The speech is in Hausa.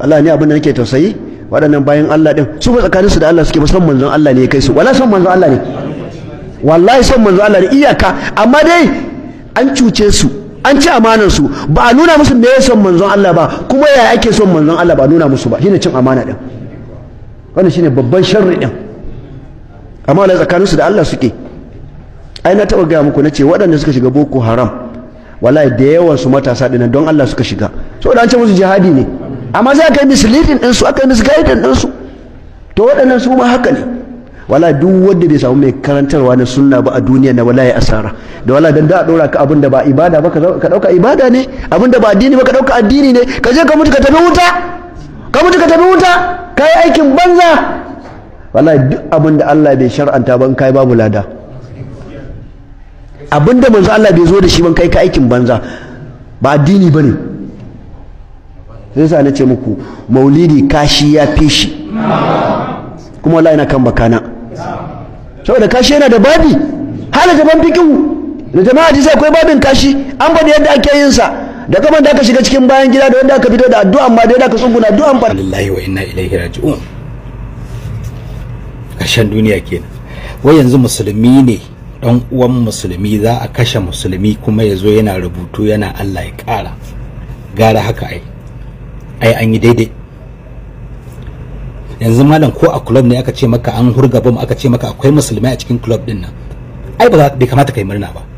Allah ne abin da nake tausayi waɗannan bayan Allah ɗin su ba tsakaninsu da Allah suke ba son manzon Allah ne ya kai su wala son manzon Allah ne wallahi son manzon Allah ne iyaka amma dai an cuce su an ci amanar su ba a nuna musu me son manzon Allah ba kuma yaya ake son manzon Allah ba nuna musu ba shine cin amana ɗin wannan shine babban sharri ɗin amma wallahi tsakaninsu da Allah suke ai na taɓa gaya muku na ce waɗanda suka shiga boko haram wallahi da yawan su matasa ɗin don Allah suka shiga saboda an ce musu jihadi ne amma za ka yi misleading ɗinsu aka yi misguiding din to waɗannan su ma haka ne wala duk wanda bai samu mai karantarwa na sunna ba a duniya na wala ya asara da wala dan da a ɗora ka abin da ba ibada ba ka ɗauka ibada ne abin da ba addini ba ka ɗauka addini ne ka je ka mutu ka tafi wuta ka mutu ka tafi wuta ka yi aikin banza wala duk abin da Allah bai shar'anta ban kai babu lada abin da manzo Allah bai zo da shi ban kai ka aikin banza ba addini bane sai sa na ce muku maulidi kashi ya fi shi kuma wallahi ina kan bakana saboda kashi yana da babi hala jaban fikihu da jama'a ji sai akwai babin kashi an bada yadda ake yin sa da kuma da aka shiga cikin bayan gida da wanda aka fito da addu'a amma da yadda aka tsunguna addu'an ba lillahi wa inna ilaihi raji'un karshen duniya kenan wai yanzu musulmi ne dan uwan musulmi za a kashe musulmi kuma yazo yana rubutu yana Allah ya kara gara haka ai ai an yi daidai yanzu malam ko a club ne aka ce maka an hurga bom aka ce maka akwai musulmai a cikin club din nan ai ba ka kamata kai murna ba